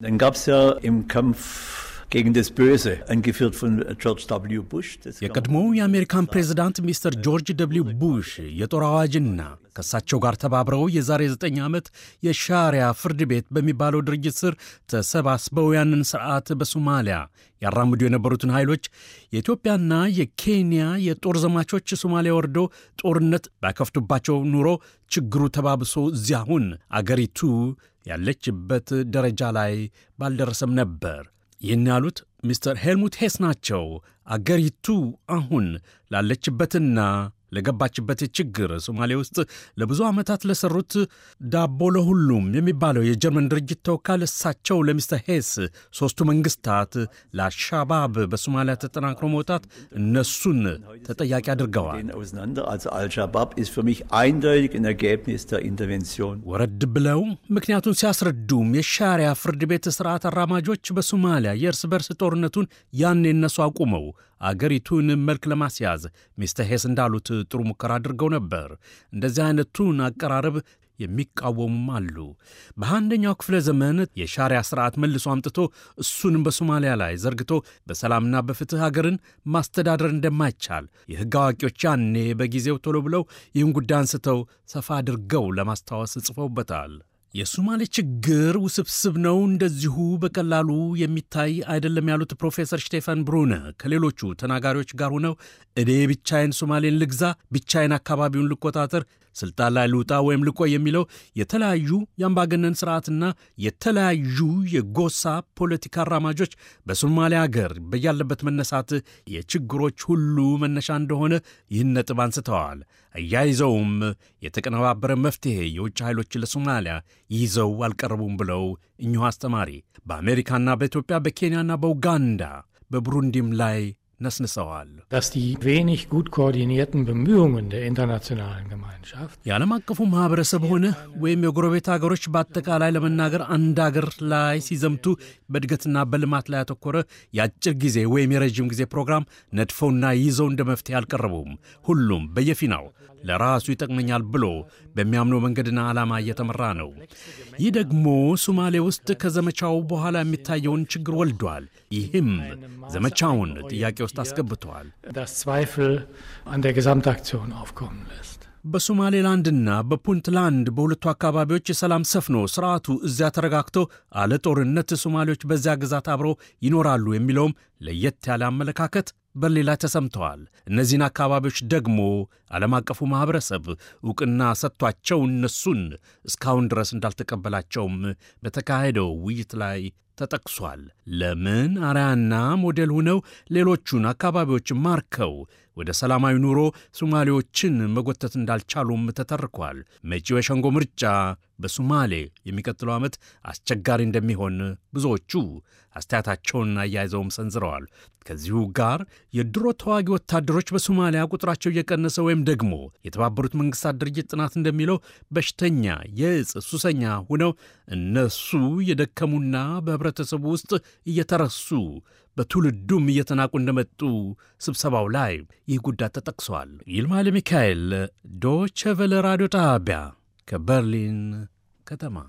Dann gab es ja im Kampf gegen የቀድሞው የአሜሪካን ፕሬዝዳንት ሚስተር ጆርጅ ደብሊው ቡሽ የጦር አዋጅና ከእሳቸው ጋር ተባብረው የዛሬ 9 ዓመት የሻሪያ ፍርድ ቤት በሚባለው ድርጅት ስር ተሰባስበው ያንን ስርዓት በሶማሊያ ያራምዱ የነበሩትን ኃይሎች የኢትዮጵያና የኬንያ የጦር ዘማቾች ሶማሊያ ወርደው ጦርነት ባከፍቱባቸው ኑሮ ችግሩ ተባብሶ እዚያሁን አገሪቱ ያለችበት ደረጃ ላይ ባልደረሰም ነበር። ይህን ያሉት ሚስተር ሄልሙት ሄስ ናቸው። አገሪቱ አሁን ላለችበትና ለገባችበት ችግር ሶማሌ ውስጥ ለብዙ ዓመታት ለሰሩት ዳቦ ለሁሉም የሚባለው የጀርመን ድርጅት ተወካል እሳቸው ለሚስተር ሄስ ሦስቱ መንግስታት ለአልሻባብ በሶማሊያ ተጠናክሮ መውጣት እነሱን ተጠያቂ አድርገዋል። ወረድ ብለው ምክንያቱን ሲያስረዱም የሻሪያ ፍርድ ቤት ስርዓት አራማጆች በሶማሊያ የእርስ በርስ ጦርነቱን ያኔ እነሱ አቁመው አገሪቱን መልክ ለማስያዝ ሚስተር ሄስ እንዳሉት ጥሩ ሙከራ አድርገው ነበር። እንደዚህ አይነቱን አቀራረብ የሚቃወሙም አሉ። በአንደኛው ክፍለ ዘመን የሻሪያ ስርዓት መልሶ አምጥቶ እሱንም በሶማሊያ ላይ ዘርግቶ በሰላምና በፍትህ ሀገርን ማስተዳደር እንደማይቻል የሕግ አዋቂዎች ያኔ በጊዜው ቶሎ ብለው ይህን ጉዳይ አንስተው ሰፋ አድርገው ለማስታወስ ጽፈውበታል። የሱማሌ ችግር ውስብስብ ነው፣ እንደዚሁ በቀላሉ የሚታይ አይደለም ያሉት ፕሮፌሰር ስቴፈን ብሩነ ከሌሎቹ ተናጋሪዎች ጋር ሆነው እኔ ብቻዬን ሶማሌን ልግዛ፣ ብቻዬን አካባቢውን ልቆጣጠር፣ ስልጣን ላይ ልውጣ ወይም ልቆ የሚለው የተለያዩ የአምባገነን ስርዓትና የተለያዩ የጎሳ ፖለቲካ አራማጆች በሶማሊያ ሀገር በያለበት መነሳት የችግሮች ሁሉ መነሻ እንደሆነ ይህን ነጥብ አንስተዋል። አያይዘውም የተቀነባበረ መፍትሄ የውጭ ኃይሎች ለሶማሊያ ይዘው አልቀረቡም ብለው እኚሁ አስተማሪ በአሜሪካና በኢትዮጵያ በኬንያና በኡጋንዳ በቡሩንዲም ላይ ነስንሰዋል። wenig gut koordinierten Bemühungen der internationalen የዓለም አቀፉ ማህበረሰብ ሆነ ወይም የጎረቤት ሀገሮች በአጠቃላይ ለመናገር አንድ አገር ላይ ሲዘምቱ በእድገትና በልማት ላይ ያተኮረ የአጭር ጊዜ ወይም የረዥም ጊዜ ፕሮግራም ነድፈውና ይዘው እንደ መፍትሄ አልቀረቡም። ሁሉም በየፊናው ለራሱ ይጠቅመኛል ብሎ በሚያምነው መንገድና ዓላማ እየተመራ ነው። ይህ ደግሞ ሶማሌ ውስጥ ከዘመቻው በኋላ የሚታየውን ችግር ወልዷል። ይህም ዘመቻውን ጥያቄ ውስጥ አስገብተዋል። በሶማሌላንድና በፑንትላንድ በሁለቱ አካባቢዎች የሰላም ሰፍኖ ስርዓቱ እዚያ ተረጋግቶ አለ ጦርነት ሶማሌዎች በዚያ ግዛት አብረው ይኖራሉ የሚለውም ለየት ያለ አመለካከት በሌላ ተሰምተዋል። እነዚህን አካባቢዎች ደግሞ ዓለም አቀፉ ማኅበረሰብ ዕውቅና ሰጥቷቸው እነሱን እስካሁን ድረስ እንዳልተቀበላቸውም በተካሄደው ውይይት ላይ ተጠቅሷል። ለምን አርያና ሞዴል ሆነው ሌሎቹን አካባቢዎች ማርከው ወደ ሰላማዊ ኑሮ ሶማሌዎችን መጎተት እንዳልቻሉም ተተርኳል። መጪው የሸንጎ ምርጫ በሱማሌ የሚቀጥለው ዓመት አስቸጋሪ እንደሚሆን ብዙዎቹ አስተያየታቸውን አያይዘውም ሰንዝረዋል። ከዚሁ ጋር የድሮ ተዋጊ ወታደሮች በሶማሊያ ቁጥራቸው እየቀነሰ ወይም ደግሞ የተባበሩት መንግስታት ድርጅት ጥናት እንደሚለው በሽተኛ የእጽ ሱሰኛ ሆነው እነሱ የደከሙና በህብረ በኅብረተሰቡ ውስጥ እየተረሱ በትውልዱም እየተናቁ እንደመጡ ስብሰባው ላይ ይህ ጉዳት ተጠቅሷል። ይልማ ለሚካኤል ዶቸቨለ ራዲዮ ጣቢያ ከበርሊን ከተማ